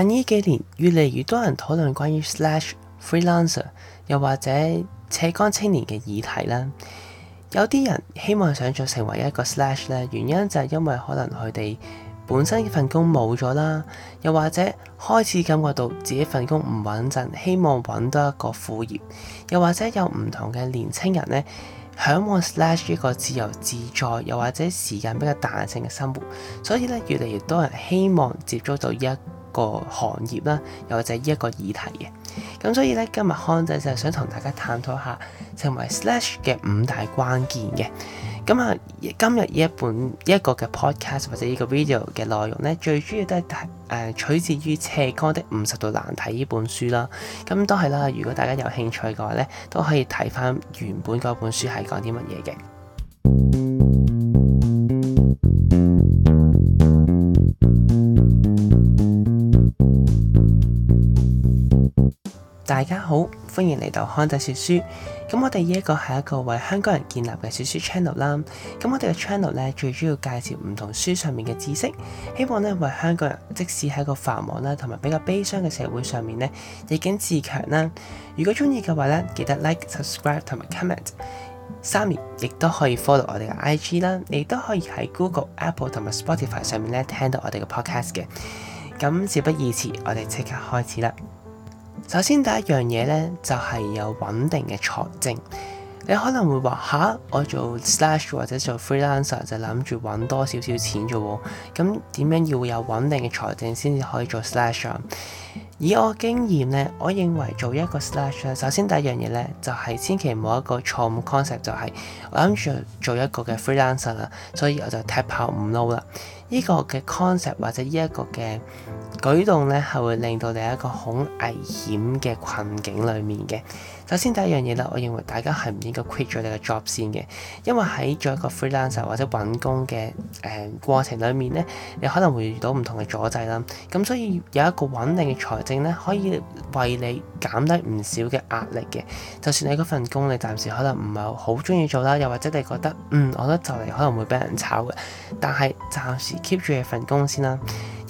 但呢幾年越嚟越多人討論關於 slash freelancer，又或者斜槓青年嘅議題啦。有啲人希望想做成為一個 slash 咧，原因就係因為可能佢哋本身份工冇咗啦，又或者開始感覺到自己份工唔穩陣，希望揾多一個副業，又或者有唔同嘅年青人呢，向往 slash 一個自由自在，又或者時間比較彈性嘅生活，所以咧越嚟越多人希望接觸到一個行業啦，又或者呢一個議題嘅咁，所以呢，今日康仔就係想同大家探討下成為 Slash 嘅五大關鍵嘅咁啊。今日呢一本一個嘅 podcast 或者呢個 video 嘅內容呢，最主要都係、呃、取自於《斜槓的五十道難題》呢本書啦。咁都係啦，如果大家有興趣嘅話呢，都可以睇翻原本嗰本書係講啲乜嘢嘅。大家好，歡迎嚟到康仔說書。咁我哋呢一個係一個為香港人建立嘅小說 channel 啦。咁我哋嘅 channel 咧，最主要介紹唔同書上面嘅知識，希望咧為香港人，即使喺個繁忙啦同埋比較悲傷嘅社會上面咧，亦經自強啦。如果中意嘅話咧，記得 like、subscribe 同埋 comment。三月亦都可以 follow 我哋嘅 IG 啦。你都可以喺 Google、Apple 同埋 Spotify 上面咧聽到我哋嘅 podcast 嘅。咁事不宜遲，我哋即刻開始啦。首先第一樣嘢咧，就係有穩定嘅財政。你可能會話吓，我做 slash 或者做 freelancer 就諗住揾多少少錢啫喎。咁點樣要有穩定嘅財政先至可以做 slash？以我經驗咧，我認為做一個 slash 咧、就是就是 no. 這個，首先第一樣嘢咧就係千祈冇一個錯誤 concept，就係我諗住做一個嘅 freelancer 啦，所以我就踢炮唔撈啦。呢個嘅 concept 或者呢一個嘅舉動咧，係會令到你喺一個好危險嘅困境裡面嘅。首先第一樣嘢啦，我認為大家係唔應該 quit 咗你嘅 job 先嘅，因為喺做一個 freelancer 或者揾工嘅誒、呃、過程裡面咧，你可能會遇到唔同嘅阻滯啦。咁所以有一個穩定嘅財，可以為你減低唔少嘅壓力嘅，就算你嗰份工你暫時可能唔係好中意做啦，又或者你覺得嗯，我覺得就嚟可能會俾人炒嘅，但係暫時 keep 住你份工先啦。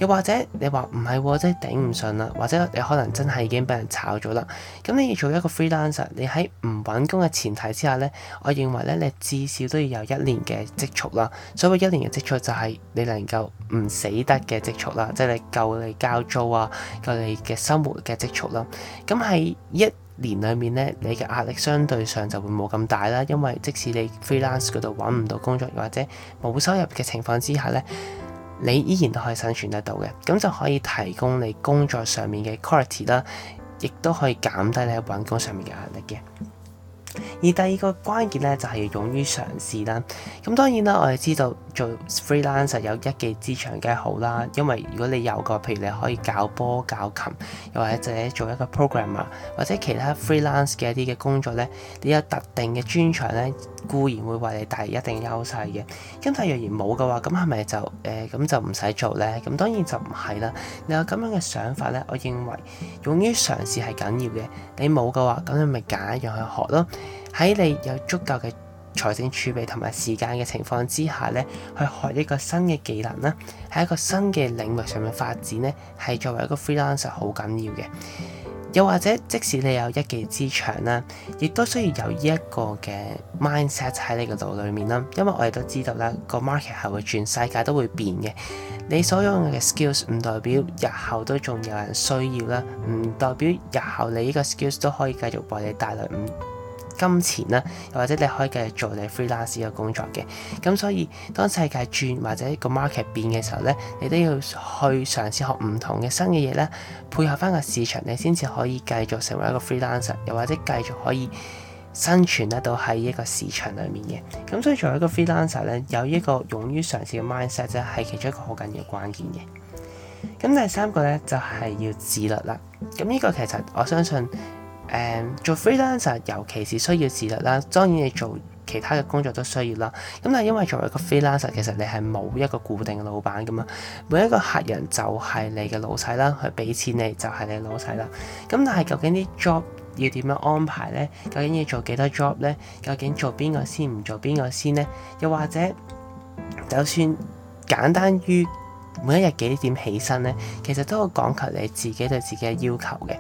又或者你話唔係，即係頂唔順啦，或者你可能真係已經俾人炒咗啦。咁你要做一個 freelancer，你喺唔揾工嘅前提之下呢，我認為呢，你至少都要有一年嘅積蓄啦。所謂一年嘅積蓄就係你能夠唔死得嘅積蓄啦，即係你夠你交租啊，夠你嘅生活嘅積蓄啦。咁喺一年裏面呢，你嘅壓力相對上就會冇咁大啦，因為即使你 freelance 嗰度揾唔到工作，或者冇收入嘅情況之下呢，你依然都可以生存得到嘅，咁就可以提供你工作上面嘅 quality 啦，亦都可以減低你喺揾工上面嘅壓力嘅。而第二個關鍵咧就係、是、要勇於嘗試啦。咁當然啦，我哋知道做 freelancer 有一技之長嘅好啦。因為如果你有嘅話，譬如你可以教波教琴，又或者做一個 programmer，或者其他 freelance 嘅一啲嘅工作咧，你有特定嘅專長咧，固然會為你帶嚟一定優勢嘅。咁但係若然冇嘅話，咁係咪就誒咁、呃、就唔使做咧？咁當然就唔係啦。你有咁樣嘅想法咧，我認為勇於嘗試係緊要嘅。你冇嘅話，咁你咪揀一樣去學咯。喺你有足夠嘅財政儲備同埋時間嘅情況之下咧，去學呢個新嘅技能啦，喺一個新嘅領域上面發展咧，係作為一個 freelancer 好緊要嘅。又或者即使你有一技之長啦，亦都需要有呢一個嘅 mindset 喺你個腦裡面啦，因為我哋都知道啦，個 market 係會轉，世界都會變嘅。你所擁有嘅 skills 唔代表日後都仲有人需要啦，唔代表日後你呢個 skills 都可以繼續幫你帶來唔～金錢啦，又或者你可以繼續做你 freelancer 嘅工作嘅。咁所以當世界轉或者個 market 變嘅時候咧，你都要去嘗試學唔同嘅新嘅嘢咧，配合翻個市場，你先至可以繼續成為一個 freelancer，又或者繼續可以生存得到喺一個市場裏面嘅。咁所以作為一個 freelancer 咧，有一個勇於嘗試嘅 mindset 咧，係其中一個好緊要關鍵嘅。咁第三個咧就係要自律啦。咁呢個其實我相信。誒、嗯、做 freelancer，尤其是需要自律啦。當然你做其他嘅工作都需要啦。咁但係因為作為一個 freelancer，其實你係冇一個固定嘅老闆㗎嘛。每一個客人就係你嘅老細啦，佢俾錢你就係你老細啦。咁但係究竟啲 job 要點樣安排呢？究竟要做幾多 job 呢？究竟做邊個先唔做邊個先呢？又或者就算簡單於每一日幾點起身呢，其實都好講求你自己對自己嘅要求嘅。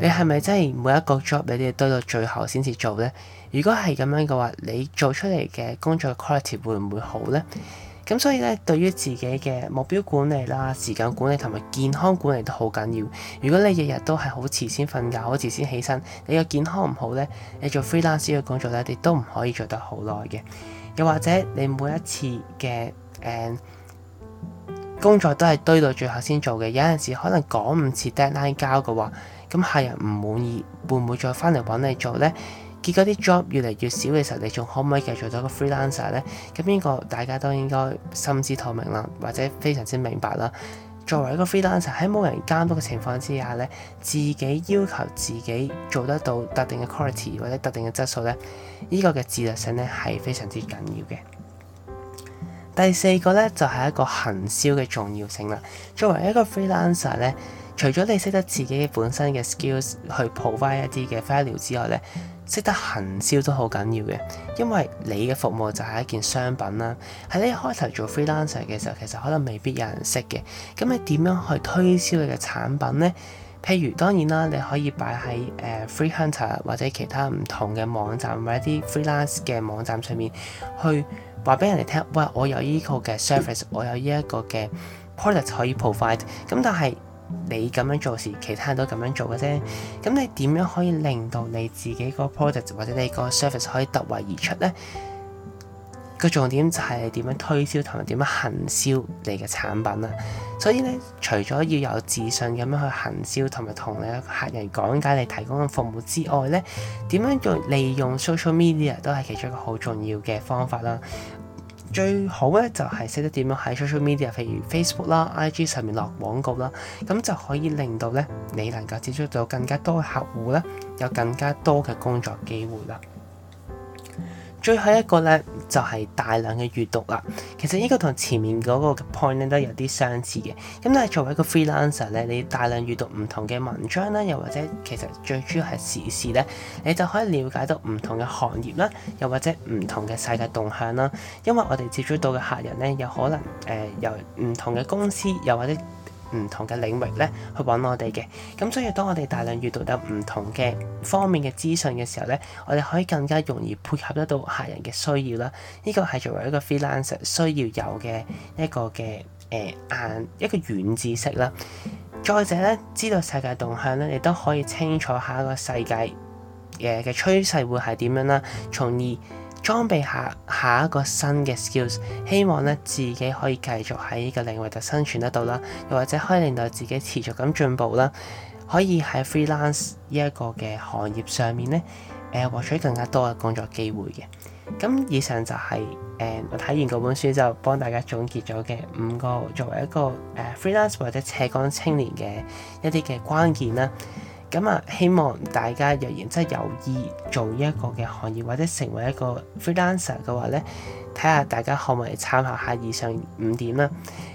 你係咪真係每一個 job 你都要堆到最後先至做呢？如果係咁樣嘅話，你做出嚟嘅工作 quality 會唔會好呢？咁所以咧，對於自己嘅目標管理啦、時間管理同埋健康管理都好緊要。如果你日日都係好遲先瞓覺，好遲先起身，你嘅健康唔好呢，你做 freelancer 嘅工作呢，你都唔可以做得好耐嘅。又或者你每一次嘅、呃、工作都係堆到最後先做嘅，有陣時可能趕唔切 deadline 交嘅話。咁客人唔滿意，會唔會再翻嚟揾你做呢？結果啲 job 越嚟越少嘅時候，你仲可唔可以繼續做一個 freelancer 呢？咁呢個大家都應該心知肚明啦，或者非常之明白啦。作為一個 freelancer，喺冇人監督嘅情況之下呢，自己要求自己做得到特定嘅 quality 或者特定嘅質素呢，呢個嘅自律性呢係非常之緊要嘅。第四個呢，就係一個行銷嘅重要性啦。作為一個 freelancer 呢。除咗你識得自己本身嘅 skills 去 provide 一啲嘅 value 之外咧，識得行銷都好緊要嘅，因為你嘅服務就係一件商品啦。喺你一開頭做 freelancer 嘅時候，其實可能未必有人識嘅。咁你點樣去推銷你嘅產品呢？譬如當然啦，你可以擺喺誒、呃、Free Hunter 或者其他唔同嘅網站，或者啲 freelance 嘅網站上面去話俾人哋聽，喂，我有依個嘅 service，我有呢一個嘅 product 可以 provide。咁但係你咁樣做事，其他人都咁樣做嘅啫。咁你點樣可以令到你自己個 product 或者你個 service 可以突圍而出呢？個重點就係你點樣推銷同埋點樣行銷你嘅產品啦。所以咧，除咗要有自信咁樣去行銷同埋同你客人講解你提供嘅服務之外咧，點樣用利用 social media 都係其中一個好重要嘅方法啦。最好咧就係識得點樣喺 social media，譬如 Facebook 啦、IG 上面落廣告啦，咁就可以令到咧你能夠接觸到更加多嘅客戶咧，有更加多嘅工作機會啦。最後一個咧就係，是，大量嘅閱讀啦，其實呢個同前面嗰個 point 咧都有啲相似嘅。咁但係作為一個 freelancer 咧，你大量閱讀唔同嘅文章啦，又或者其實最主要係時事咧，你就可以了解到唔同嘅行業啦，又或者唔同嘅世界動向啦。因為我哋接觸到嘅客人咧，有可能誒，呃、由唔同嘅公司，又或者唔同嘅領域咧，去揾我哋嘅，咁，所以當我哋大量預讀到唔同嘅方面嘅資訊嘅時候咧，我哋可以更加容易配合得到客人嘅需要啦。呢個係作為一個 freelancer 需要有嘅一個嘅誒硬一個軟知識啦。再者咧，知道世界動向咧，你都可以清楚一下一個世界誒嘅、呃、趨勢會係點樣啦，從而，裝備下下一個新嘅 skills，希望咧自己可以繼續喺呢個領域度生存得到啦，又或者可以令到自己持續咁進步啦，可以喺 freelance 呢一個嘅行業上面咧，誒獲取更加多嘅工作機會嘅。咁以上就係、是、誒、呃、我睇完嗰本書之後就幫大家總結咗嘅五個作為一個誒 freelance 或者斜槓青年嘅一啲嘅關鍵啦。咁啊，希望大家若然真係有意做一個嘅行業，或者成為一個 freelancer 嘅話呢，睇下大家可唔可以參考下以上五點啦。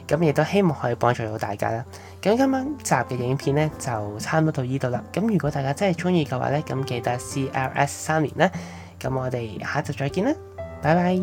咁亦都希望可以幫助到大家啦。咁今晚集嘅影片呢，就差唔多到呢度啦。咁如果大家真係中意嘅話呢，咁記得 C L S 三連啦。咁我哋下一集再見啦，拜拜。